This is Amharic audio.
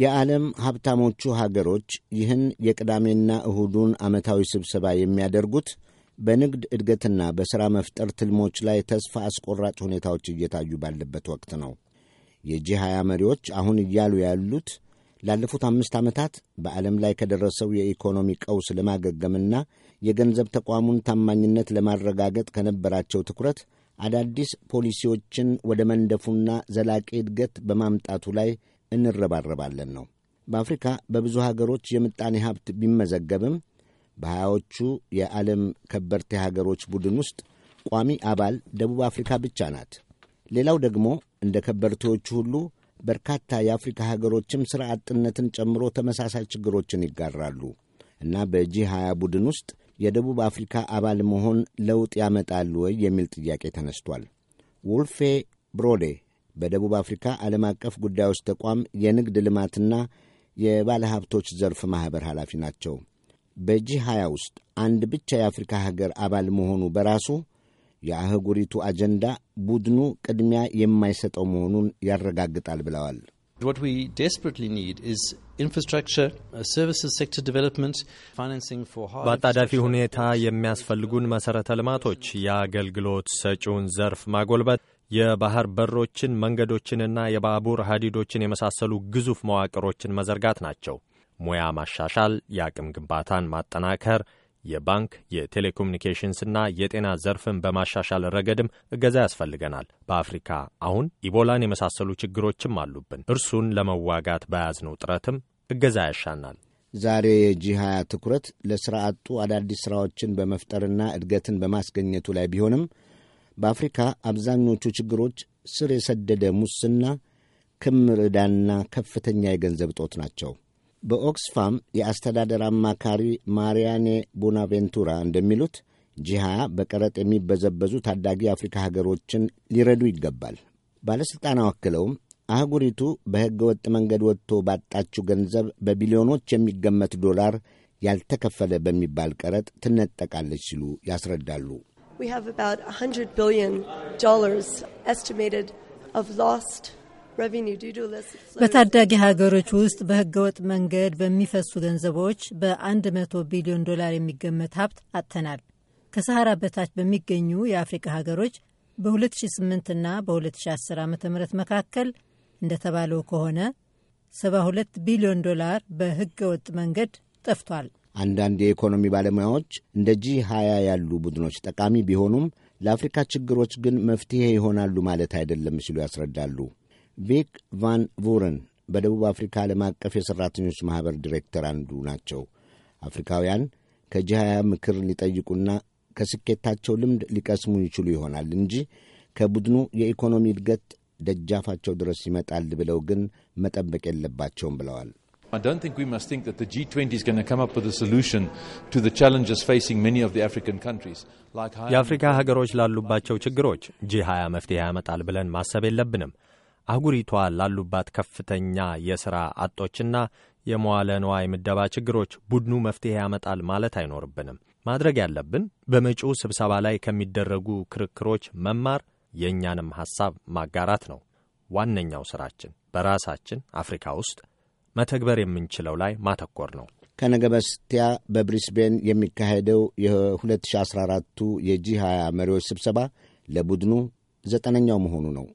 የዓለም ሀብታሞቹ ሀገሮች ይህን የቅዳሜና እሁዱን ዓመታዊ ስብሰባ የሚያደርጉት በንግድ እድገትና በሥራ መፍጠር ትልሞች ላይ ተስፋ አስቆራጭ ሁኔታዎች እየታዩ ባለበት ወቅት ነው። የጂ ሃያ መሪዎች አሁን እያሉ ያሉት ላለፉት አምስት ዓመታት በዓለም ላይ ከደረሰው የኢኮኖሚ ቀውስ ለማገገምና የገንዘብ ተቋሙን ታማኝነት ለማረጋገጥ ከነበራቸው ትኩረት አዳዲስ ፖሊሲዎችን ወደ መንደፉና ዘላቂ እድገት በማምጣቱ ላይ እንረባረባለን ነው። በአፍሪካ በብዙ ሀገሮች የምጣኔ ሀብት ቢመዘገብም በሀያዎቹ የዓለም ከበርቴ ሀገሮች ቡድን ውስጥ ቋሚ አባል ደቡብ አፍሪካ ብቻ ናት። ሌላው ደግሞ እንደ ከበርቴዎቹ ሁሉ በርካታ የአፍሪካ ሀገሮችም ሥራ አጥነትን ጨምሮ ተመሳሳይ ችግሮችን ይጋራሉ እና በጂ 20 ቡድን ውስጥ የደቡብ አፍሪካ አባል መሆን ለውጥ ያመጣሉ ወይ የሚል ጥያቄ ተነስቷል። ውልፌ ብሮዴ በደቡብ አፍሪካ ዓለም አቀፍ ጉዳዮች ተቋም የንግድ ልማትና የባለ ሀብቶች ዘርፍ ማኅበር ኃላፊ ናቸው። በጂ 20 ውስጥ አንድ ብቻ የአፍሪካ ሀገር አባል መሆኑ በራሱ የአህጉሪቱ አጀንዳ ቡድኑ ቅድሚያ የማይሰጠው መሆኑን ያረጋግጣል ብለዋል። uh, በአጣዳፊ ሁኔታ የሚያስፈልጉን መሠረተ ልማቶች፣ የአገልግሎት ሰጪውን ዘርፍ ማጎልበት፣ የባህር በሮችን መንገዶችንና የባቡር ሀዲዶችን የመሳሰሉ ግዙፍ መዋቅሮችን መዘርጋት ናቸው። ሙያ ማሻሻል፣ የአቅም ግንባታን ማጠናከር፣ የባንክ የቴሌኮሙኒኬሽንስና የጤና ዘርፍን በማሻሻል ረገድም እገዛ ያስፈልገናል። በአፍሪካ አሁን ኢቦላን የመሳሰሉ ችግሮችም አሉብን። እርሱን ለመዋጋት በያዝነው ጥረትም እገዛ ያሻናል። ዛሬ የጂ ሃያ ትኩረት ለሥራ አጡ አዳዲስ ሥራዎችን በመፍጠርና እድገትን በማስገኘቱ ላይ ቢሆንም በአፍሪካ አብዛኞቹ ችግሮች ስር የሰደደ ሙስና፣ ክምር ዕዳና ከፍተኛ የገንዘብ ጦት ናቸው። በኦክስፋም የአስተዳደር አማካሪ ማሪያኔ ቦናቬንቱራ እንደሚሉት ጂሃ በቀረጥ የሚበዘበዙ ታዳጊ የአፍሪካ ሀገሮችን ሊረዱ ይገባል። ባለሥልጣና አክለውም አህጉሪቱ በሕገ ወጥ መንገድ ወጥቶ ባጣችው ገንዘብ በቢሊዮኖች የሚገመት ዶላር ያልተከፈለ በሚባል ቀረጥ ትነጠቃለች ሲሉ ያስረዳሉ። We have about $100 billion estimated of lost በታዳጊ ሀገሮች ውስጥ በህገወጥ መንገድ በሚፈሱ ገንዘቦች በ100 ቢሊዮን ዶላር የሚገመት ሀብት አጥተናል። ከሰሐራ በታች በሚገኙ የአፍሪካ ሀገሮች በ2008 እና በ2010 ዓ ም መካከል እንደተባለው ከሆነ 72 ቢሊዮን ዶላር በህገወጥ መንገድ ጠፍቷል። አንዳንድ የኢኮኖሚ ባለሙያዎች እንደ ጂ 20 ያሉ ቡድኖች ጠቃሚ ቢሆኑም ለአፍሪካ ችግሮች ግን መፍትሔ ይሆናሉ ማለት አይደለም ሲሉ ያስረዳሉ። ቪክ ቫን ቡረን በደቡብ አፍሪካ ዓለም አቀፍ የሠራተኞች ማኅበር ዲሬክተር አንዱ ናቸው። አፍሪካውያን ከጂ 20 ምክር ሊጠይቁና ከስኬታቸው ልምድ ሊቀስሙ ይችሉ ይሆናል እንጂ ከቡድኑ የኢኮኖሚ እድገት ደጃፋቸው ድረስ ይመጣል ብለው ግን መጠበቅ የለባቸውም ብለዋል። I don't think we must think that the G20 is going to come up with a solution to the challenges facing many of the African countries. የአፍሪካ ሀገሮች ላሉባቸው ችግሮች ጂ20 መፍትሄ ያመጣል ብለን ማሰብ የለብንም። አህጉሪቷ ላሉባት ከፍተኛ የሥራ አጦችና የመዋለ ንዋይ ምደባ ችግሮች ቡድኑ መፍትሄ ያመጣል ማለት አይኖርብንም። ማድረግ ያለብን በመጪው ስብሰባ ላይ ከሚደረጉ ክርክሮች መማር፣ የእኛንም ሐሳብ ማጋራት ነው። ዋነኛው ሥራችን በራሳችን አፍሪካ ውስጥ መተግበር የምንችለው ላይ ማተኮር ነው። ከነገ በስቲያ በብሪስቤን የሚካሄደው የ2014ቱ የጂ20 መሪዎች ስብሰባ ለቡድኑ ዘጠነኛው መሆኑ ነው።